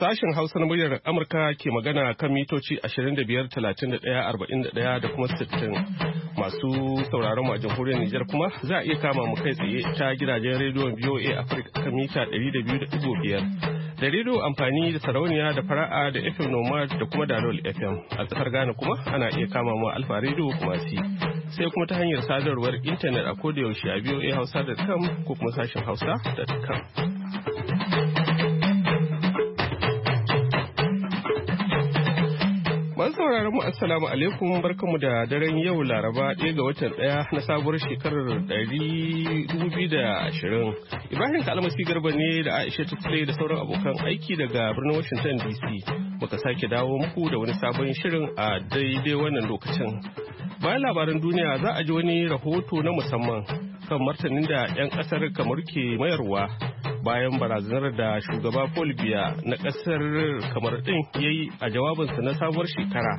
Sashen Hausa na muryar Amurka ke magana kan mitoci 25,31,41 da kuma 60 masu sauraron mu a jamhuriyar Nijar kuma za a iya kama mu kai tsaye ta gidajen rediyon BOA Africa kan mita 200.5 da rediyo amfani da sarauniya da fara'a da FM Nomad da kuma Dalol FM. A tsakar gane kuma ana iya kama mu Alfa rediyo kuma si. Sai kuma ta hanyar sadarwar intanet a yaushe a BOA Hausa.com ko kuma sashen kam. sauraron mu assalamu alaikum barkamu da daren yau laraba ɗaya ga watan ɗaya na sabuwar shekarar ɗari dubu biyu da ashirin ibrahim kalmasi garba ne da aisha tuttule da sauran abokan aiki daga birnin washington dc muka sake dawo muku da wani sabon shirin a daidai wannan lokacin bayan labaran duniya za a ji wani rahoto na musamman kan martanin da 'yan kasar kamar ke mayarwa bayan barazanar da shugaba Bolivia na kasar kamar din ya yi a jawabinsa na sabuwar shekara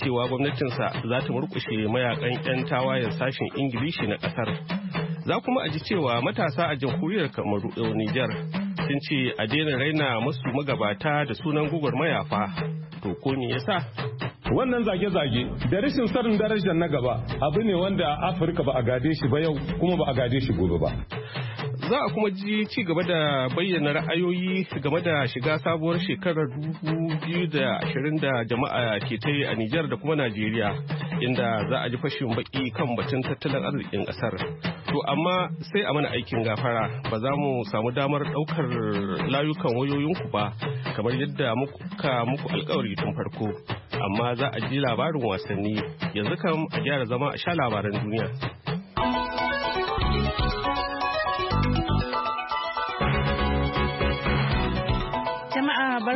cewa gwamnatinsa za ta murkushe mayakan 'yan tawayan sashen ingilishi na kasar za kuma a ji cewa matasa a jamhuriyar kamaru eh, nijar sun ce a daina raina musu magabata da sunan gugur mayafa to ko me yasa wannan zage-zage da rashin sanin darajar na gaba abu ne wanda afirka ba a gade shi ba yau kuma ba a gade shi gobe ba za a kuma ji ci gaba da bayyana ra'ayoyi game da shiga sabuwar shekarar biyu da ashirin da jama'a ke ta yi a Nijar da kuma Najeriya inda za a ji fashin baki kan batun tattalin arzikin ƙasar. To amma sai a mana aikin gafara ba za mu samu damar ɗaukar layukan wayoyinku ba kamar yadda muka muku alkawari tun farko. Amma za a ji labarin wasanni yanzu kam a gyara zama a sha labaran duniya.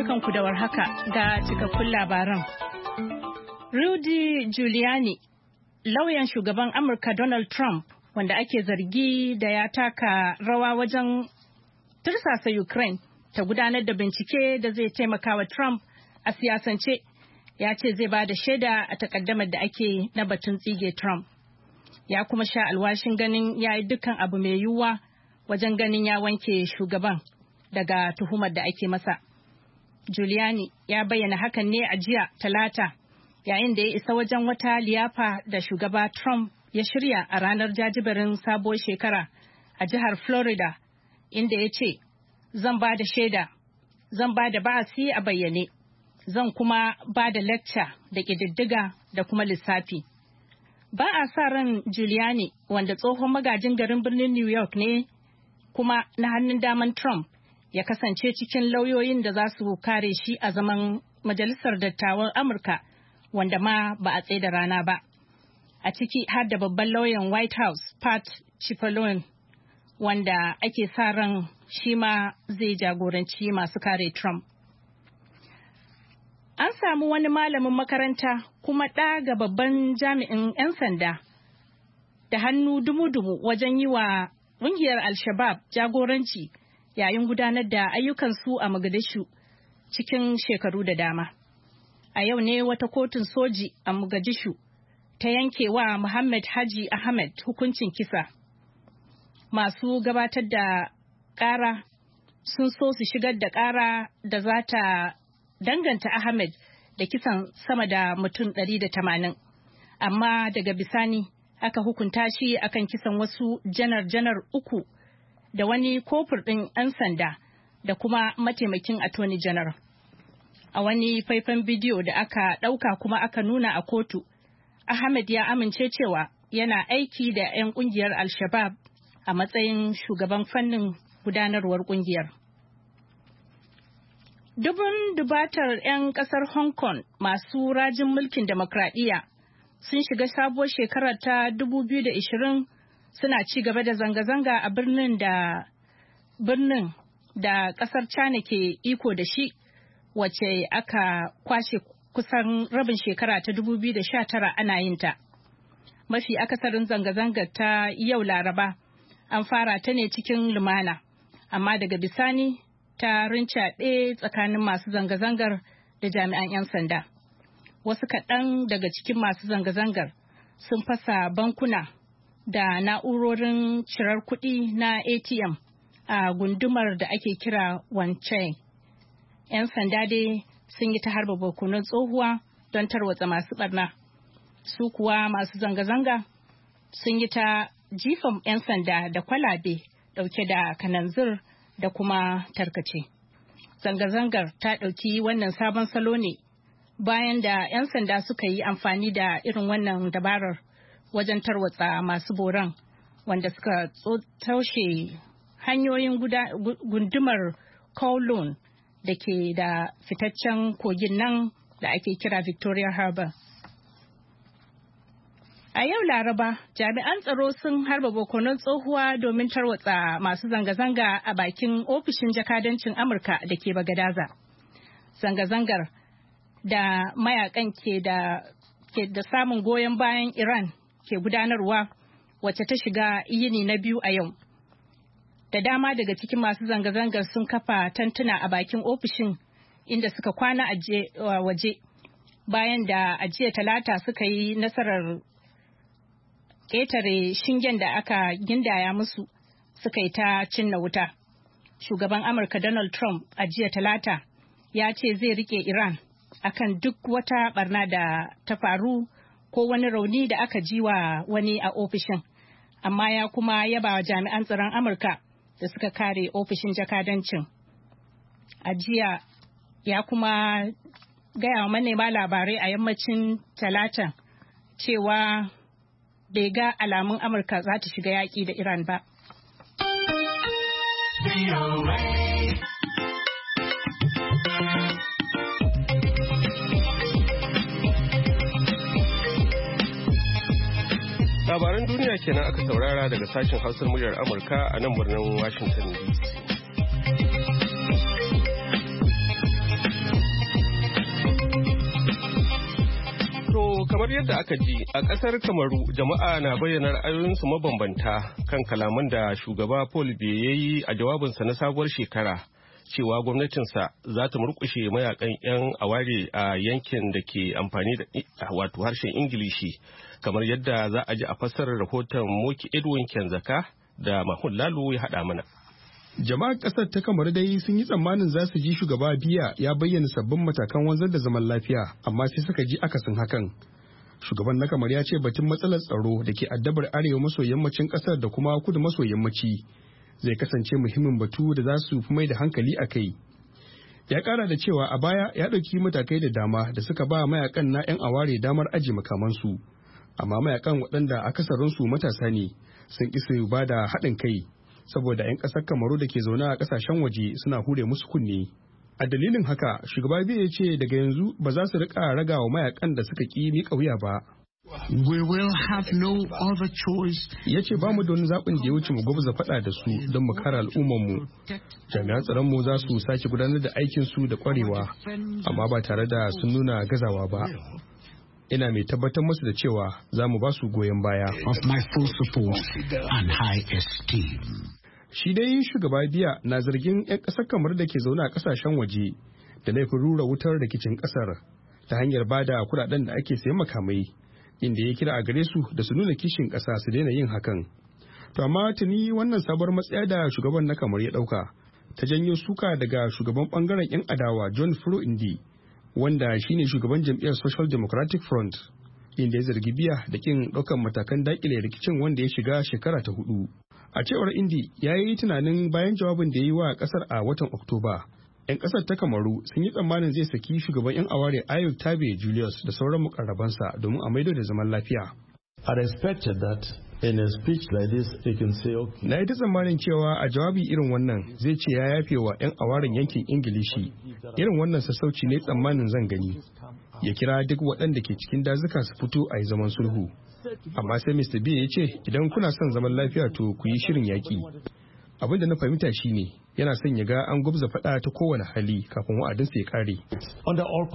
ku da warhaka ga cikakkun labaran. Rudy Giuliani, lauyan shugaban Amurka Donald Trump, wanda ake zargi da ya taka rawa wajen tursasa Ukraine ta gudanar da bincike da zai taimaka wa Trump a siyasance, ya ce zai ba da shaida a takaddamar da ake na batun tsige Trump. Ya kuma sha alwashin ganin ya yi dukkan abu mai yiwuwa wajen ganin ya wanke shugaban daga tuhumar da ake masa. Giuliani ya bayyana hakan ne a jiya talata yayin da ya isa wajen wata liyafa da shugaba Trump ya shirya a ranar jajibarin sabuwar shekara a jihar Florida inda ya ce, Zan ba da shaida, zan ba da ba'asi a bayyane, zan kuma ba da lacca da ƙididdiga da kuma lissafi. Ba a sa ran Giuliani wanda tsohon magajin garin birnin New York ne kuma na hannun daman Trump ya kasance cikin lauyoyin da za su kare shi a zaman majalisar dattawan Amurka wanda ma ba a tsaye da rana ba. A ciki har da babban lauyan White House Pat Cipollone wanda ake sa ran shi ma zai jagoranci masu kare Trump. An samu wani malamin makaranta kuma ɗa ga babban jami'in 'yan sanda da hannu dumu-dumu wajen yi wa ƙungiyar Al-Shabaab jagoranci yayin gudanar da ayyukansu a Mogadishu cikin shekaru da dama. A yau ne wata kotun soji a Mogadishu ta yanke wa Muhammad Haji Ahmed hukuncin kisa. Masu gabatar da ƙara sun so su shigar da ƙara da za ta danganta Ahmed da kisan sama da mutum da tamanin Amma daga bisani aka hukunta shi akan kisan wasu janar-janar uku da wani kofur ɗin 'yan sanda da kuma mataimakin attorney general. A wani faifan bidiyo da aka ɗauka kuma aka nuna a kotu, Ahmed ya amince cewa yana aiki da 'yan ƙungiyar Al-Shabaab a matsayin shugaban fannin gudanarwar ƙungiyar. Dubun dubatar 'yan ƙasar Hong Kong masu rajin mulkin demokradiyya sun shiga sabuwar shekarar ta 2020 suna ci gaba da zanga-zanga a birnin da birnin da kasar China ke iko da shi wace aka kwashe kusan rabin shekara ta 2019 ana yin ta. Mafi akasarin zanga-zangar ta yau Laraba an fara ta ne cikin lumana, amma daga bisani ta rincaɗe tsakanin masu zanga-zangar da jami'an 'yan sanda. Wasu kaɗan daga cikin masu zanga-zangar sun fasa bankuna da na'urorin cirar kuɗi na atm a gundumar da ake kira wance 'yan sanda dai sun yi ta harba barkonon tsohuwa don tarwatsa masu barna su kuwa masu zanga-zanga sun yi ta jifan 'yan sanda da kwalabe ɗauke da kananzir da kuma tarkace zanga-zangar ta ɗauki wannan sabon salo ne bayan da 'yan sanda suka yi amfani da irin wannan dabarar wajen tarwatsa masu boran wanda suka taushe hanyoyin gundumar kowloon da ke da fitaccen kogin nan da ake kira victoria harbour a yau laraba jami'an tsaro sun harba bokonon tsohuwa domin tarwatsa masu zanga-zanga a bakin ofishin jakadancin amurka da ke bagadaza zanga-zangar da mayakan ke da samun goyon bayan iran ke gudanarwa wacce ta shiga yini na biyu a yau. Da dama daga cikin masu zanga-zangar sun kafa tantuna a bakin ofishin inda suka kwana a waje bayan da a talata suka yi nasarar ƙetare shingen da aka gindaya musu suka yi ta cinna wuta. Shugaban Amurka Donald Trump a jiya talata ya ce zai rike Iran akan duk wata barna da ta faru ko wani rauni da aka ji wa wani a ofishin amma ya kuma yaba wa jami'an tsaron amurka da suka kare ofishin jakadancin a jiya ya kuma gaya wa manema labarai a yammacin talatan cewa bai ga alamun amurka za ta shiga yaƙi da iran ba. labaran duniya kenan aka saurara daga sashen hausar muryar amurka a nan birnin washington dc kamar yadda aka ji a kasar kamaru jama'a na bayyana ra'ayoyinsu mabambanta kan kalaman da shugaba paul biya ya yi a jawabinsa na sabuwar shekara cewa gwamnatinsa za ta murkushe mayakan 'yan aware a yankin da ke amfani da wato harshen ingilishi kamar yadda za a ji a fassarar rahoton Moki Edwin Kenzaka da Mahmud Lalu ya haɗa mana. Jama'ar ƙasar ta kamar dai sun yi tsammanin za su ji shugaba biya ya bayyana sabbin matakan wanzar da zaman lafiya amma sai suka ji akasin hakan. Shugaban na kamar ya ce batun matsalar tsaro da ke addabar arewa maso yammacin ƙasar da kuma kudu maso yammaci zai kasance muhimmin batu da za su fi mai da hankali a kai. ya ƙara da cewa a baya ya ɗauki matakai da dama da suka ba mayakan na 'yan aware damar aji makamansu amma mayakan waɗanda akasarinsu matasa ne sun ƙi su ba da haɗin kai saboda 'yan ƙasar kamaru da ke zaune a ƙasashen waje suna hure musu kunne a dalilin haka shugaba biyu ya ce daga yanzu ba za su riƙa ragawa wa mayakan da suka ƙi miƙa wuya ba We will have no other choice. Ya ce ba mu da wani zaɓin da ya wuce mu gwabza faɗa da su don mu kare mu. Jami'an tsaron mu za su sake gudanar da aikinsu da ƙwarewa, amma ba tare da sun nuna gazawa ba. ina mai tabbatar musu da cewa za mu ba su goyon baya. Of my full support and high Shi dai shugaba biya na zargin 'yan ƙasar kamar da ke zaune a ƙasashen waje da laifin rura wutar rikicin ƙasar ta hanyar ba da kuɗaɗen da ake sayan makamai inda ya kira a gare su da su nuna kishin ƙasa su daina yin hakan. To amma tuni wannan sabuwar matsaya da shugaban na kamar ya ɗauka ta janyo suka daga shugaban ɓangaren 'yan adawa John Furo Indi. wanda shine shugaban jam'iyyar social democratic front inda ya zargi biya da kin ɗaukan matakan dakile rikicin wanda ya shiga shekara ta hudu a cewar indi ya yi tunanin bayan jawabin da ya yi wa ƙasar a watan oktoba 'yan ƙasar ta kamaru sun yi tsammanin zai saki shugaban 'yan aware ayo tabe julius da sauran mukarrabansa domin a maido da zaman lafiya i respected that In a speech like this, you can say, okay. Na yi ta tsammanin cewa a jawabi irin wannan zai ce ya yafe wa 'yan awarin yankin Ingilishi. Irin wannan sassauci ne tsammanin zan gani. Ya kira duk waɗanda ke cikin dazuka su fito a yi zaman sulhu. Amma sai Mr. B ya ce, idan kuna son zaman lafiya to ku yi shirin yaƙi. Abin da na fahimta shi ne yana son ya ga an gwabza faɗa ta kowane hali kafin wa'adinsa ya kare. Under all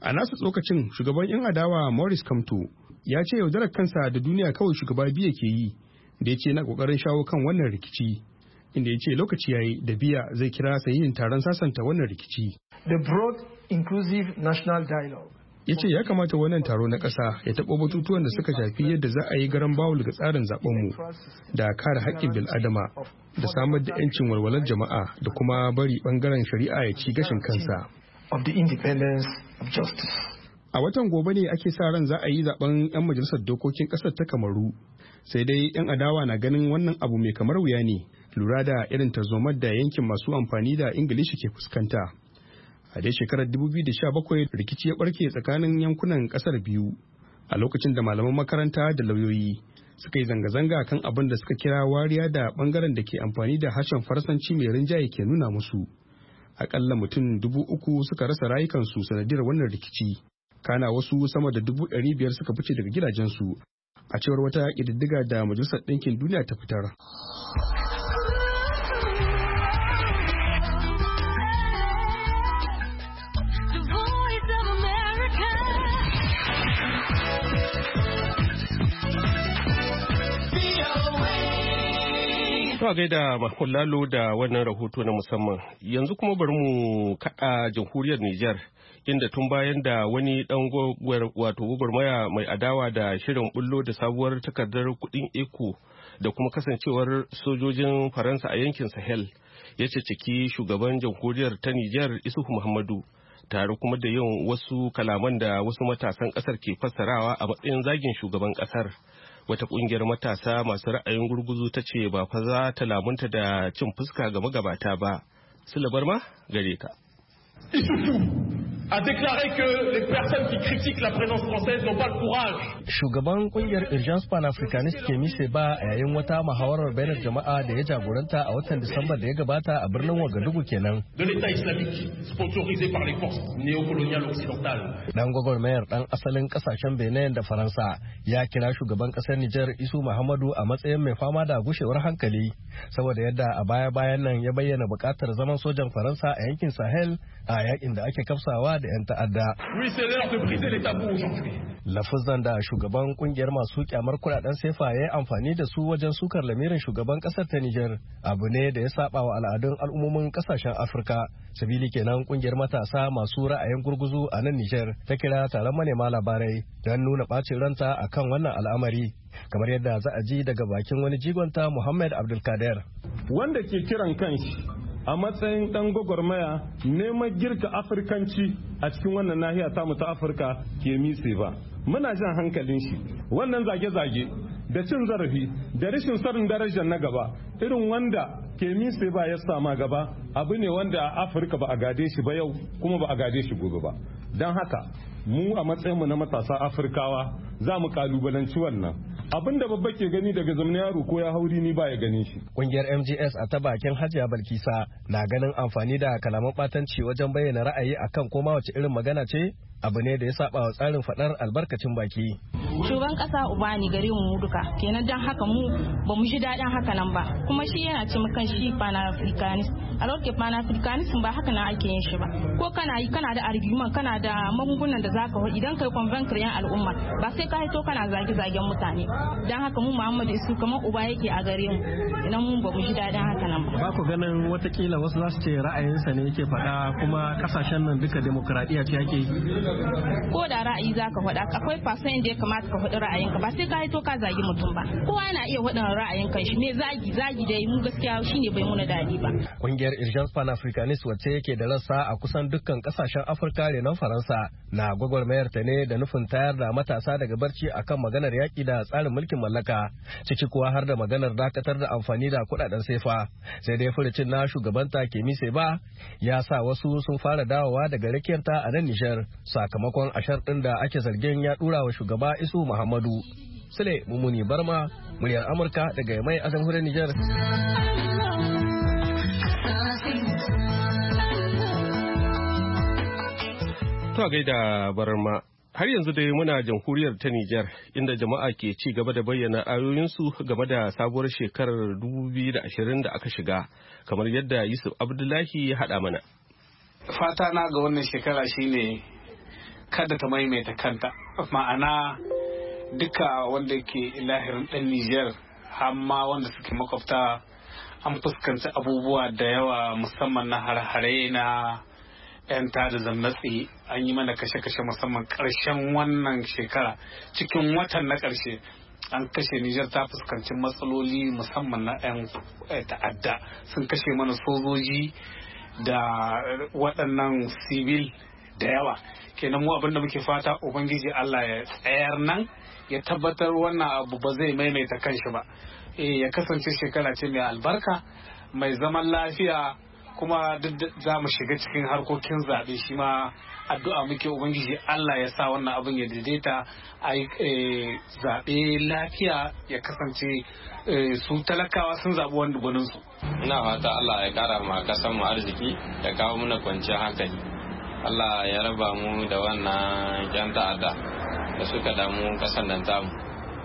A nasu tsokacin shugaban 'yan adawa Morris Kamto ya ce yaudarar kansa da duniya kawai shugaba biya ke yi da ya ce na kokarin shawo kan wannan rikici inda ya ce lokaci yayi da biya zai kira yin taron sasanta wannan rikici. The broad inclusive national dialogue. ya ce ya kamata wannan taro na ƙasa ya taɓo batutuwan da suka shafi yadda za a yi garan bawul ga tsarin zaɓenmu da kare haƙƙin bil'adama da samar da 'yancin walwalar jama'a da kuma bari ɓangaren shari'a ya ci gashin kansa. Of the independence of justice. a watan gobe ne ake sa ran za a yi zaben 'yan majalisar dokokin kasar ta kamaru sai dai 'yan adawa na ganin wannan abu mai kamar wuya ne lura da irin tarzomar da yankin masu amfani da ingilishi ke fuskanta a dai shekarar 2017 rikici ya barke tsakanin yankunan kasar biyu a lokacin da malaman makaranta da lauyoyi suka yi zanga-zanga kan abin da suka kira wariya da bangaren da ke amfani da harshen faransanci mai rinjaye ke nuna musu akalla mutum dubu uku suka rasa rayukansu sanadiyar wannan rikici kana wasu sama da dubu ɗari biyar suka fice daga gidajensu a cewar wata ƙididdiga da majalisar ɗinkin duniya ta fitar. a gaida Mahmud Lalo da wannan rahoto na musamman. Yanzu kuma bari mu kaɗa jamhuriyar Nijar inda tun bayan da wani ɗan wato gwagwarmaya mai adawa da shirin bullo da sabuwar takardar kuɗin eko da kuma kasancewar sojojin Faransa a yankin Sahel ya ciki shugaban jamhuriyar ta Nijar Isuhu Muhammadu tare kuma da yin wasu kalaman da wasu matasan kasar ke fassarawa a matsayin zagin shugaban kasar. wata kungiyar matasa masu ra'ayin gurguzu ta ce ba fa za ta lamunta da cin fuska ga magabata ba. Sulabar ma gare ka. a déclaré que les personnes qui critiquent la présence française n'ont pas le courage. Shugaban kungiyar Urgence Panafricaniste Mise ba a yayin wata muhawarar bainar jama'a da ya jagoranta a watan Disamba da ya gabata a birnin Wagadugu kenan. De l'État islamique sponsorisé par les forces néocoloniales occidentales. Dan gwagwarmayar dan asalin kasashen Benin da Faransa ya kira shugaban kasar Niger Isu Muhammadu a matsayin mai fama da gushewar hankali saboda yadda a baya-bayan nan ya bayyana bukatar zaman sojan Faransa a yankin Sahel a yakin da ake kafsawa da 'yan ta'adda. Lafazan da shugaban kungiyar masu kyamar kudaden sefa ya yi amfani da su wajen sukar lamirin shugaban kasar ta Nijar abu ne da ya saba wa al'adun al'ummomin kasashen Afirka. Sabili kenan kungiyar matasa masu ra'ayin gurguzu a nan Nijar ta kira taron manema labarai don nuna bacin ranta a kan wannan al'amari. Kamar yadda za a ji daga bakin wani jigonta Muhammad Abdulkader. Wanda ke kiran kanshi a matsayin dan gwagwarmaya neman girka afirkanci a cikin wannan nahiya tamu ta afirka ke mise ba muna jan hankalin shi wannan zage-zage da cin zarafi da rashin sanin darajar na gaba irin wanda kemi sai ba ya sama gaba abu ne wanda a afirka ba a gade shi ba yau kuma ba a gade shi gobe ba don haka mu a matsayinmu na matasa afirkawa za mu kalubalanci wannan abin da babba ke gani daga zamanin yaro ko ya hauri ni ba ya gani shi kungiyar mgs a ta bakin hajiya balkisa na ganin amfani da kalaman batanci wajen bayyana ra'ayi akan koma wace irin magana ce abu ne da ya saba wa tsarin fadar albarkacin baki shugaban kasa uba ne gare mu duka kenan dan haka mu ba mu ji dadin haka nan ba kuma shi yana ci mukan shi panafricanism a que panafricanism ba haka na ake yin shi ba ko kana yi kana da argument kana da magungunan da zaka wa idan kai convince yan al'umma ba sai ka haito kana zage zagen mutane dan haka mu Muhammad Isu kamar uba yake a gare mu idan mun ba mu ji dadin haka nan ba ba ku ganin watakila wasu za su ce ra'ayinsa ne yake faɗa kuma kasashen nan duka demokradiya ce yake ko da ra'ayi zaka faɗa akwai fasan da ya kamata ka faɗi ra'ayinka ba sai ka haito ka zagi mutum ba kowa yana iya faɗin ra'ayin kan shi me zagi zagi dai mu gaskiya shi shine bai muna dadi ba. Kungiyar Urgence Africanist wacce yake da rassa a kusan dukkan kasashen Afirka renon Faransa na gwagwarmayar ta ne da nufin tayar da matasa daga barci akan maganar yaki da tsarin mulkin mallaka ciki kuwa har da maganar dakatar da amfani da kuɗaɗen sefa sai dai furucin na shugabanta Kemise ba ya sa wasu sun fara dawowa daga rakiyarta a nan Nijar sakamakon ashar ɗin da ake zargin ya ɗura wa shugaba Isu Muhammadu. Sule Mumuni Barma, muryar Amurka daga mai a jamhuriyar Nijar. To gaida barma har yanzu dai muna jamhuriyar ta Nijar inda jama'a ke ci gaba da bayyana ayoyinsu game da sabuwar shekarar 2020 da aka shiga kamar yadda Yusuf Abdullahi ya haɗa mana. Fata na ga wannan shekara shine kada ta maimaita kanta ma'ana duka wanda ke lahirin ɗan Nijar hamma wanda suke makwabta an fuskanci abubuwa da yawa musamman na har-hare na 'yan tada zamnatsi an yi mana kashe-kashe musamman ƙarshen wannan shekara cikin watan na ƙarshe an kashe Nijar ta fuskanci matsaloli musamman na 'yan eh, ta'adda sun kashe mana sojoji da waɗannan sibil da yawa kenan mu abinda muke fata ubangiji Allah ya tsayar nan ya tabbatar wannan abu ba zai maimaita kanshi ba Eh, ya kasance shekara ce mai albarka mai zaman lafiya kuma duk za mu shiga cikin harkokin zaɓe shi ma addu'a muke ubangiji Allah ya sa wannan abin ya daidaita a eh, zaɓe lafiya ya kasance eh, su talakawa sun zaɓi wani su. ina fata Allah ya kara ma kasan mu arziki ya kawo muna kwanci hankali Allah ya raba mu da wannan yan da suka damu kasan nan tamu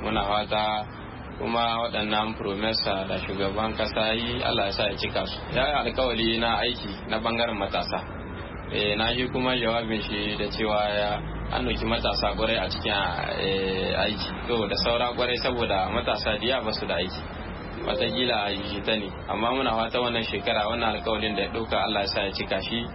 muna fata kuma waɗannan promesa da shugaban kasa yi Allah ya sa ya cika su ya yi alkawali na aiki na bangaren matasa eh, na ji kuma jawabin shi da cewa ya an matasa kwarai a cikin eh, aiki to da saura kwarai saboda matasa diya ba su da aiki watakila a ta ne amma muna fata wannan shekara wannan alkawalin da ya ɗauka Allah ya sa ya cika shi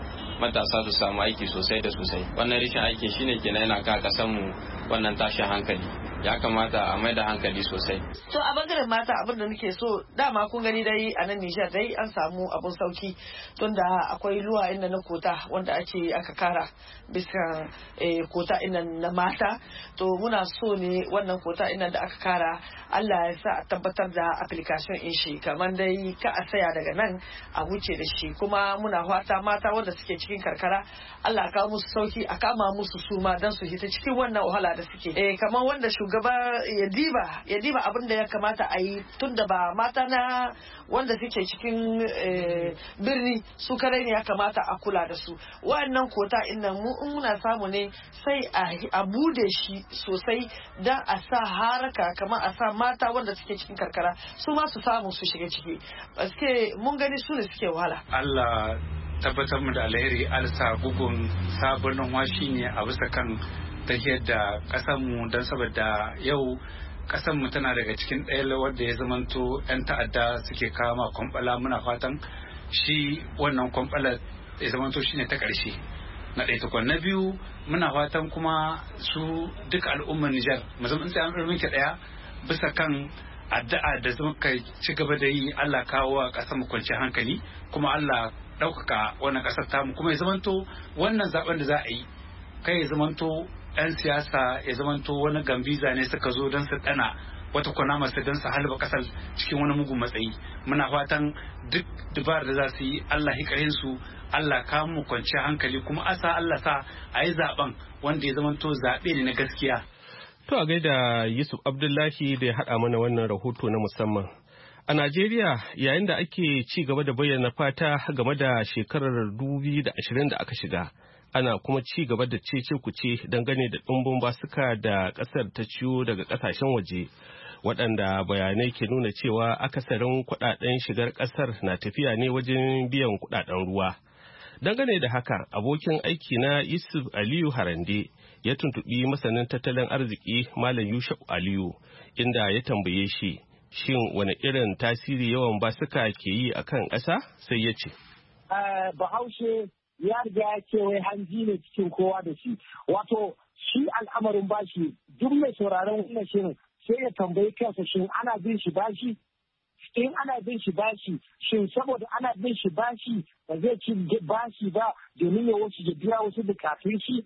matasa su samu aiki sosai da sosai wannan rishin aiki shine kenan yana ka kasan mu wannan tashin hankali ya kamata a mai da hankali sosai. To a bangaren mata abin da nake so dama kun gani dai a nan Nijar dai an samu abun sauki tunda akwai luwa inda na kota wanda ake aka kara bisa eh, kota inda na mata to muna so ne wannan kota inda da aka kara Allah ya sa a tabbatar da application in shi kamar dai ka a saya daga nan a wuce da shi kuma muna fata mata wanda suke cikin karkara Allah ka musu sauki a kama musu suma don su hita cikin wannan wahala da suke. Eh kamar wanda shugaba ya diba ya diba abin da ya kamata a yi tun da ba mata na wanda suke cikin eh, birni su kare ne ya kamata a kula da su wa'annan kota inda mu in muna samu ne sai a bude shi sosai don a sa haraka kamar a sa mata wanda suke cikin karkara su ma su samu su shiga ciki suke mun gani su ne suke wahala Allah tabbatar mu da alheri alsa gugun sabon washi ne a bisa kan tahiyar da mu don saboda yau ƙasarmu tana daga cikin ɗaya da ya zamanto 'yan ta'adda suke kama kwamfala muna fatan shi wannan kwamfala ya zamanto shine ta ƙarshe na ɗaya tukwan na biyu muna fatan kuma su duk al'ummar Nijar musamman tsayan ke ɗaya bisa kan addu'a da muka ci gaba da yi Allah kawo wa ƙasar mu kwanci hankali kuma Allah ɗaukaka wannan ƙasar tamu kuma ya zamanto wannan zaɓen da za a yi kai ya zamanto 'yan siyasa ya zamanto wani gambiza ne suka zo don su ɗana wata kwana masu don su halba kasar cikin wani mugun matsayi muna fatan duk dubar da za su yi allah hikarin su allah kawo mu kwanciyar hankali kuma asa allah sa a yi zaben wanda ya zamanto zaɓe ne na gaskiya to a gaida yusuf abdullahi da ya haɗa mana wannan rahoto na musamman A Najeriya yayin da ake ci gaba da bayyana fata game da shekarar 2020 da aka shiga, ana kuma ci gaba da cece ce dangane da ɗumbin basuka da ƙasar ta ciwo daga ƙasashen waje waɗanda bayanai ke nuna cewa akasarin kuɗaɗen shigar ƙasar na tafiya ne wajen biyan kuɗaɗen ruwa dangane da haka abokin aiki na yusuf aliyu harande ya tuntuɓi masanin tattalin arziki malam yusuf aliyu inda ya tambaye shi shin wani irin tasiri yawan basuka ke yi akan ƙasa sai ya ce eh, bahaushe ya riga ya ce wai hanji ne cikin kowa da shi wato shi al'amarin bashi duk mai sauraron wannan shirin sai ya tambayi kansa shin ana bin shi bashi in ana bin shi bashi shin saboda ana bin shi bashi ba zai ci bashi ba domin ya wasu da biya wasu bukatun shi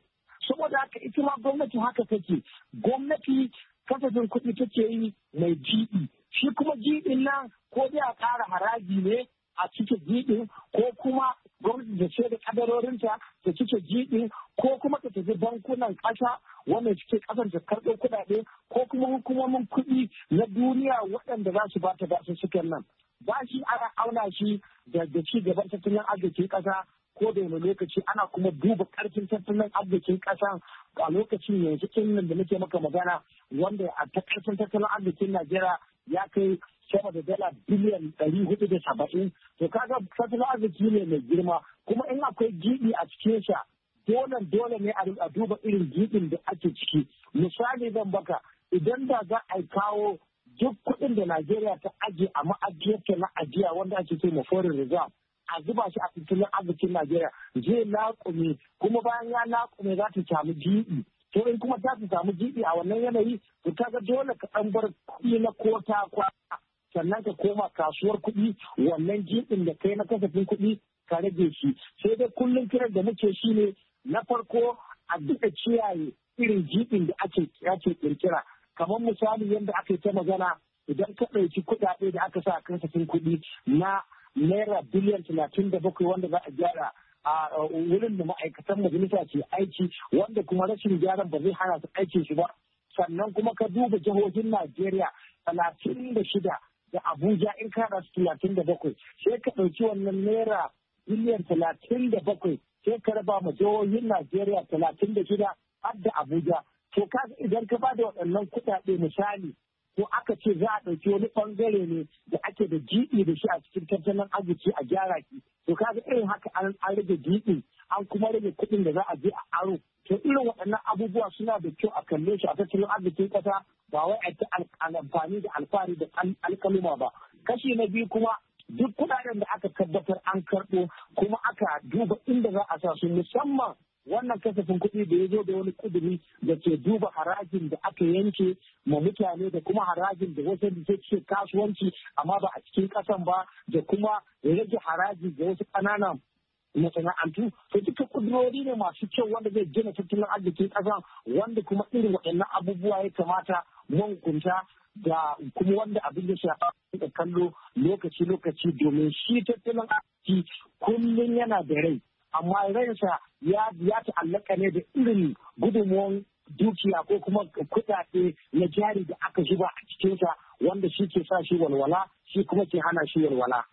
saboda haka ita ma gwamnati haka take gwamnati kasafin kuɗi take yi mai jiɗi shi kuma jiɗin nan ko dai a ƙara haraji ne a cikin jiɗin ko kuma gwamnati da ce da kadarorinta ta cike jiɗi ko kuma ta tafi bankunan ƙasa wanda suke ƙasar da karɓo kuɗaɗe ko kuma hukumomin kuɗi na duniya waɗanda za su ba ta suke nan. Ba shi ana auna shi da ci gaban tattalin arzikin ƙasa ko da yana lokaci ana kuma duba ƙarfin tattalin arzikin ƙasa a lokacin yanzu nan da nake maka magana wanda a ta ƙarfin tattalin arzikin Najeriya ya kai sama da dala biliyan ɗari hudu da saba'in to kaga tattalin arziki ne mai girma kuma in akwai giɗi a cikin sa dole dole ne a duba irin giɗin da ake ciki misali zan baka idan da za a kawo duk kuɗin da Najeriya ta ajiye a ma'ajiyarta na ajiya wanda ake ce ma foreign reserve a zuba shi a tattalin arzikin Najeriya zai laƙume kuma bayan ya laƙume za ta samu giɗi to in kuma ta samu jiɓi a wannan yanayi to kaga dole ka ɗan bar kuɗi na ko kwana sannan ka koma kasuwar kuɗi wannan jibin da kai na kasafin kuɗi ka rage shi sai dai kullum kiran da muke shi ne na farko a duka ciyaye irin jibin da ake ake kirkira kamar misali yadda aka yi ta magana idan ka ɗauki kuɗaɗe da aka sa kasafin kuɗi na naira biliyan talatin da bakwai wanda za a gyara a wurin da ma'aikatan majalisa ke aiki wanda kuma rashin gyaran ba zai hana su aikin shi ba sannan kuma ka duba jihohin Najeriya talatin da shida da Abuja in ka su talatin da bakwai sai ka ɗauki wannan naira miliyan talatin da bakwai sai ka raba ma jihohin Najeriya talatin da shida har da Abuja. To ka idan ka ba da waɗannan kuɗaɗe misali ko aka ce za a ɗauki wani ɓangare ne da ake da jiɗi da shi a cikin tattalin arziki a gyara ki to kaga irin haka an rage jiɗi an kuma rage kuɗin da za a je a aro to irin waɗannan abubuwa suna da kyau a kalle shi a tattalin arzikin ƙasa ba wai a ta amfani da alfahari da alkaluma ba kashi na biyu kuma duk kuɗaɗen da aka tabbatar an karɓo kuma aka duba inda za a sa su musamman wannan kasafin kuɗi da ya zo da wani kuduri da ke duba harajin da aka yanke ma mutane da kuma harajin da wasu da ke kasuwanci amma ba a cikin ƙasan ba da kuma rage haraji da wasu ƙananan masana'antu to duka kudurori ne masu kyau wanda zai gina tattalin arzikin ƙasan wanda kuma irin waɗannan abubuwa ya kamata mahukunta da kuma wanda abin da shafa da kallo lokaci-lokaci domin shi tattalin arziki kullum yana da rai amma ransa ya ta'allaka ne da irin gudunmuwan dukiya ko kuma kudade na jari da aka zuba a cikinsa wanda shi ke sa shi walwala shi kuma ke hana shi walwala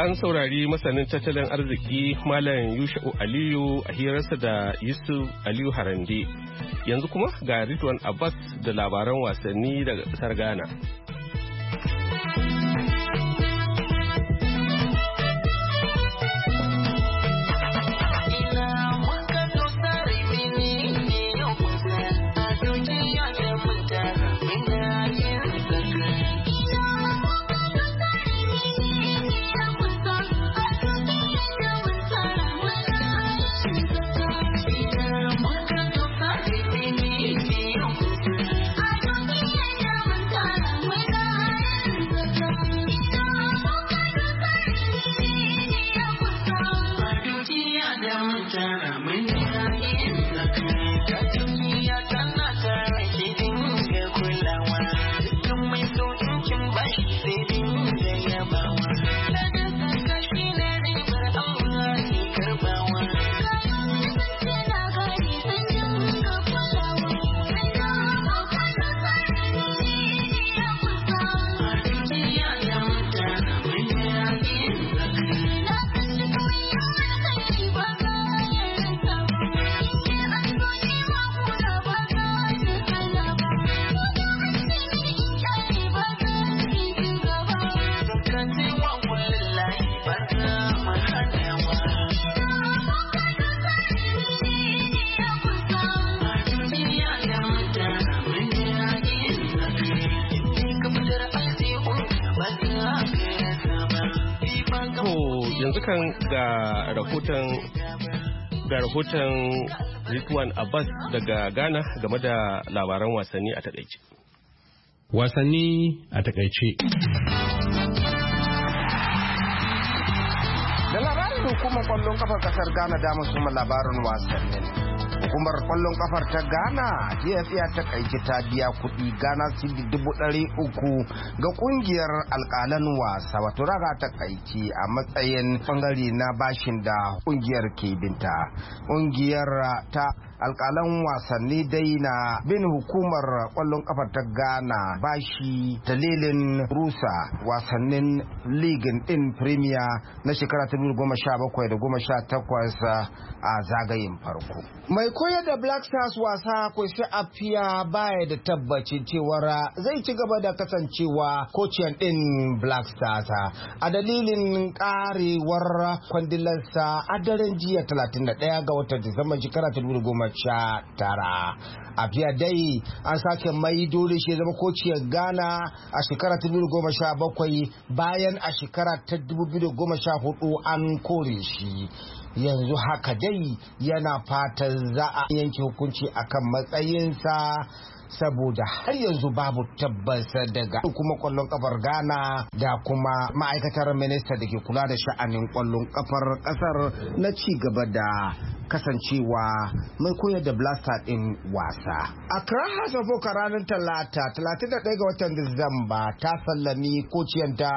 An saurari masanin tattalin arziki Malam Yusha'u Aliyu a hirarsa da Yusuf Aliyu Harande. Yanzu kuma ga Ridwan Abbas da labaran wasanni daga kasar Ghana. hakan ga rahoton ga rahoton Ritwan Abbas daga Ghana game da labaran wasanni a takaice. Wasanni a takaice. Da labarin hukumar kwallon kafar kasar Ghana damar suma labarin wasannin. hukumar kwallon kafar ta ghana jiya ta kaici ta biya kuɗi ghana cedi dubu ɗari uku ga ƙungiyar alkalan wasa wato raga ta kaici a matsayin bangare na bashin da ƙungiyar ke binta ƙungiyar ta alkalan wasanni dai na bin hukumar kwallon kafar ta ghana bashi dalilin rusa wasannin ligin din premier na shekara 2017 da takwas a zagayen farko mai koyar da black stars wasa kwesi afiya baya da tabbacin cewar zai ci gaba da kasancewa kociyan din black stars a dalilin karewar kwandilansa a daren jiya 31 ga watan disamba shekara 2017 goma tara a fiya dai an sake mai dole shi zama kociyar ghana a shekara ta biyu goma sha bakwai bayan a shekara ta dubu goma sha hudu an kore shi yanzu haka dai yana fatan za a yanke hukunci akan matsayinsa saboda har yanzu babu tabbas daga kuma kwallon kafar Ghana da kuma ma'aikatar minista da ke kula da sha'anin kwallon kafar kasar na ci gaba da kasancewa mai koyar da blaster din wasa. Accra hasa of ranar Talata 31 ga watan Disamba ta sallami kociyanta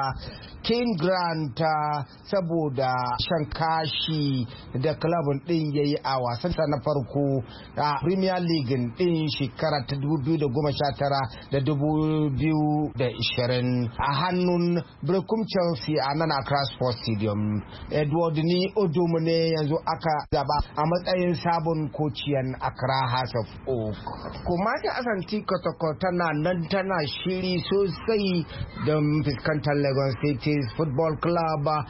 King Grant ah, saboda shan kashi da klabin din ya yi a wasansa na farko a Premier League din shekara ta 2019 a hannun Birkum Chelsea a nan a Sports Stadium. Edward ni Odum ne yanzu aka zaba a matsayin sabon kociyan Accra House of Oak. Kuma ta asanti kotoko tana nan tana shiri sosai don fuskantar Lagos City Football Club a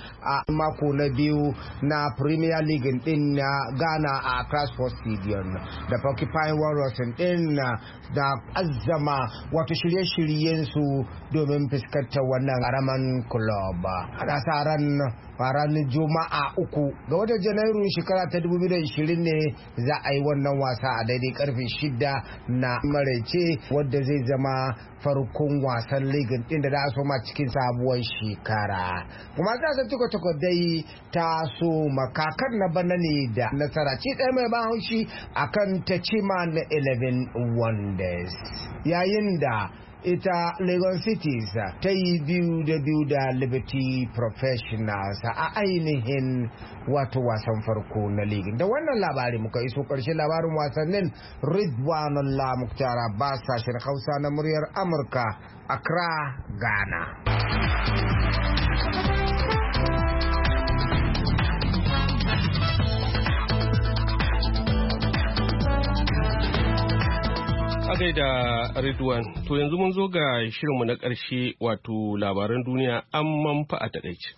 mako na biyu na Premier League din na Ghana a Accra Stadium. Da Porcupine Warriors din na da azzama wato shirye-shiryensu domin fuskantar wannan karaman kulob. A ranar juma'a uku ga wata janairu shekara ta 2020 ne za a yi wannan wasa a daidai karfe shida na maraice wadda zai zama farkon wasan ligin din da za a soma cikin sabuwar shekara kuma za su tuka dai ta so makakar na bana ne da nasara ci ɗaya mai bahaushi akan ta cima na 11 wonders yayin da ita Lagos Cities ta yi biyu da biyu da Liberty Professionals a ainihin wato wasan farko na ligi. Da wannan labari muka iso karshe labarin wasannin allah Muktar Abbas sashen Hausa na muryar Amurka, Accra, Ghana. a da Ridwan, to yanzu mun zo ga shirinmu na ƙarshe wato labaran duniya an manfa a taƙaice.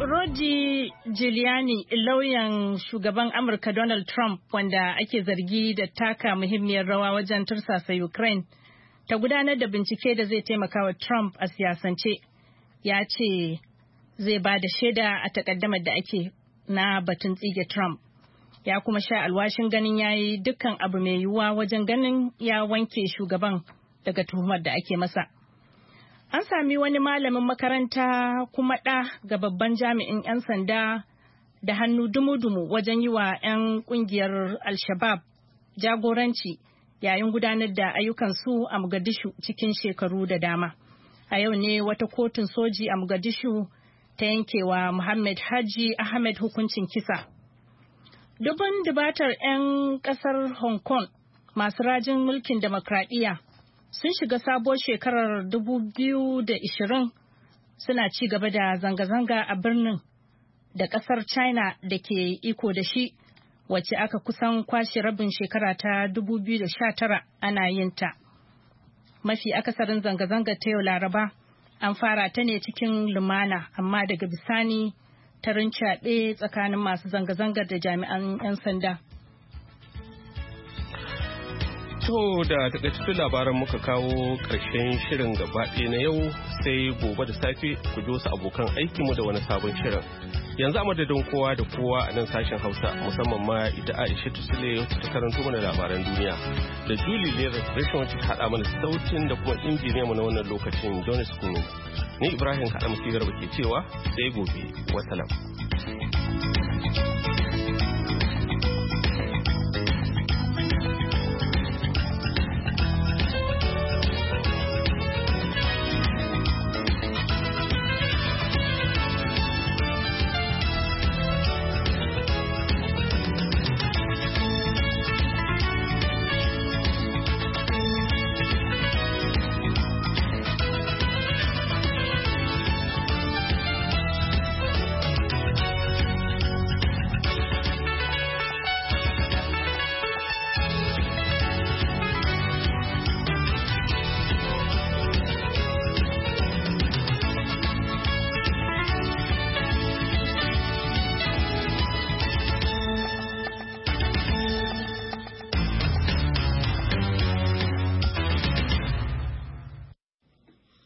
Roji Giuliani lauyan shugaban Amurka Donald Trump wanda ake zargi da taka muhimmiyar rawa wajen tursasa Ukraine ta gudanar da bincike da zai taimaka wa Trump a siyasance ya ce zai ba da shaida a takaddamar da ake na batun tsige Trump. Ya kuma sha alwashin ganin ya yi dukkan abu mai yiwuwa wajen ganin ya wanke shugaban daga tuhumar da ake masa. An sami wani malamin makaranta kuma ɗa ga babban jami'in 'yan sanda da hannu dumu-dumu wajen yi wa 'yan ƙungiyar Alshabab jagoranci yayin gudanar da ayyukansu a mugadishu cikin shekaru da dama. A yau ne wata kotun soji a mugadishu. ta yankewa Muhammad Haji Ahmed hukuncin kisa. Dubun dubatar 'yan kasar Hong Kong masu rajin mulkin demokradiyya sun shiga sabuwar shekarar 2020 suna ci gaba da zanga-zanga a birnin da kasar China da ke iko da shi wacce aka kusan kwashe rabin shekara ta 2019 ana yinta. Mafi akasarin zanga-zanga ta yau Laraba. an fara ta ne cikin lumana amma daga bisani ta caɓe tsakanin masu zanga-zangar da jami'an 'yan sanda To da takaitattun labaran muka kawo ƙarshen shirin gabaɗe na yau sai gobe da safe ku ji wasu abokan mu da wani sabon shirin. Yanzu a madadin kowa da kowa a nan sashen Hausa musamman ma ita Aisha Tusile ta karanto mana labaran duniya da Julie Lera rashin wacce ta haɗa mana sautin da kuma injiniya mu na wannan lokacin Jonas Kunu. Ni Ibrahim Kaɗa Musigar ke cewa sai gobe. Wasalam.